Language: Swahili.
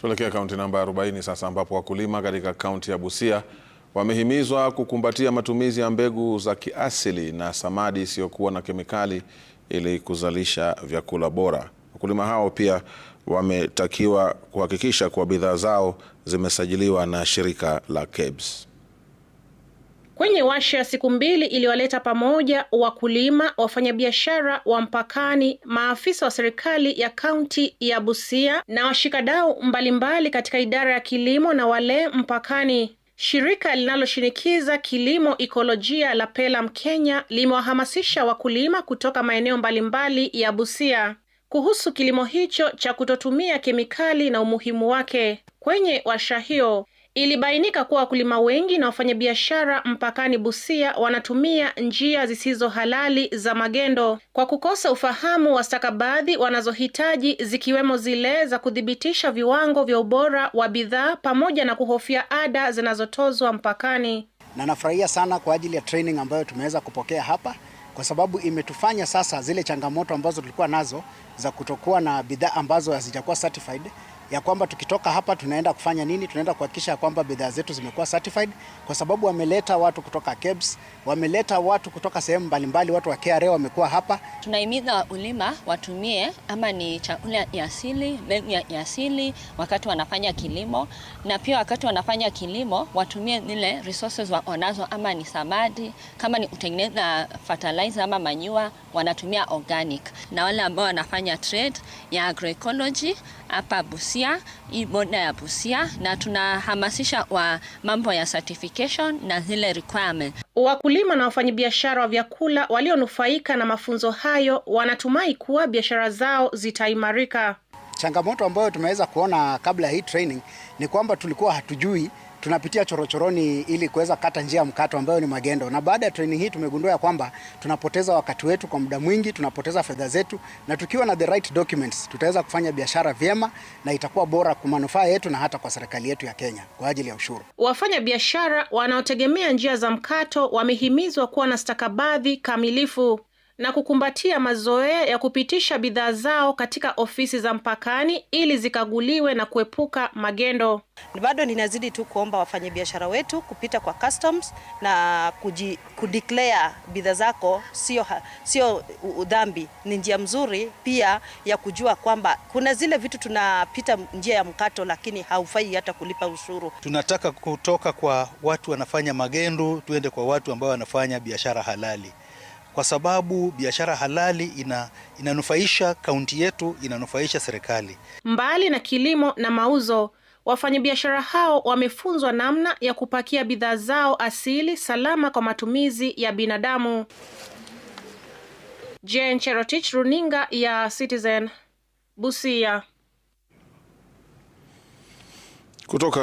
Tuelekea kaunti namba 40 sasa ambapo wakulima katika kaunti ya Busia wamehimizwa kukumbatia matumizi ya mbegu za kiasili na samadi isiyokuwa na kemikali ili kuzalisha vyakula bora. Wakulima hao pia wametakiwa kuhakikisha kuwa bidhaa zao zimesajiliwa na shirika la KEBS. Kwenye washa ya siku mbili iliyowaleta pamoja wakulima, wafanyabiashara wa mpakani, maafisa wa serikali ya kaunti ya Busia na washikadau mbalimbali katika idara ya kilimo na wale mpakani, shirika linaloshinikiza kilimo ikolojia la Pelam Kenya limewahamasisha wakulima kutoka maeneo mbalimbali ya Busia kuhusu kilimo hicho cha kutotumia kemikali na umuhimu wake. Kwenye washa hiyo Ilibainika kuwa wakulima wengi na wafanyabiashara mpakani Busia wanatumia njia zisizo halali za magendo kwa kukosa ufahamu wa stakabadhi wanazohitaji zikiwemo zile za kuthibitisha viwango vya ubora wa bidhaa pamoja na kuhofia ada zinazotozwa mpakani. Na nafurahia sana kwa ajili ya training ambayo tumeweza kupokea hapa kwa sababu imetufanya sasa zile changamoto ambazo tulikuwa nazo za kutokuwa na bidhaa ambazo hazijakuwa certified ya kwamba tukitoka hapa tunaenda kufanya nini, tunaenda kuhakikisha kwamba bidhaa zetu zimekuwa certified, kwa sababu wameleta watu kutoka KEBS, wameleta watu kutoka sehemu mbalimbali, watu wa KRA wamekuwa hapa. Tunahimiza wakulima watumie ama ni chakula ya asili, mbegu ya asili wakati wanafanya kilimo, na pia wakati wanafanya kilimo watumie zile resources wanazo, ama ni samadi, kama ni kutengeneza fertilizer ama manyua, wanatumia organic, na wale ambao wanafanya trade ya agroecology hapa Busi Busia, boda ya Busia, na tunahamasisha wa mambo ya certification na zile requirement. Wakulima na wafanyabiashara wa vyakula walionufaika na mafunzo hayo wanatumai kuwa biashara zao zitaimarika. Changamoto ambayo tumeweza kuona kabla ya hii training ni kwamba tulikuwa hatujui tunapitia chorochoroni ili kuweza kata njia mkato ambayo ni magendo, na baada ya training hii tumegundua ya kwamba tunapoteza wakati wetu kwa muda mwingi, tunapoteza fedha zetu, na tukiwa na the right documents tutaweza kufanya biashara vyema na itakuwa bora kwa manufaa yetu na hata kwa serikali yetu ya Kenya kwa ajili ya ushuru. Wafanya biashara wanaotegemea njia za mkato wamehimizwa kuwa na stakabadhi kamilifu na kukumbatia mazoea ya kupitisha bidhaa zao katika ofisi za mpakani ili zikaguliwe na kuepuka magendo. Bado ninazidi tu kuomba wafanyabiashara wetu kupita kwa customs na kuji, kudeclare bidhaa zako sio, sio udhambi. Ni njia mzuri pia ya kujua kwamba kuna zile vitu tunapita njia ya mkato, lakini haufai hata kulipa ushuru. Tunataka kutoka kwa watu wanafanya magendo tuende kwa watu ambao wanafanya biashara halali kwa sababu biashara halali ina, inanufaisha kaunti yetu, inanufaisha serikali. Mbali na kilimo na mauzo, wafanyabiashara hao wamefunzwa namna ya kupakia bidhaa zao asili salama kwa matumizi ya binadamu. Jane Cherotich, runinga ya Citizen, Busia kutoka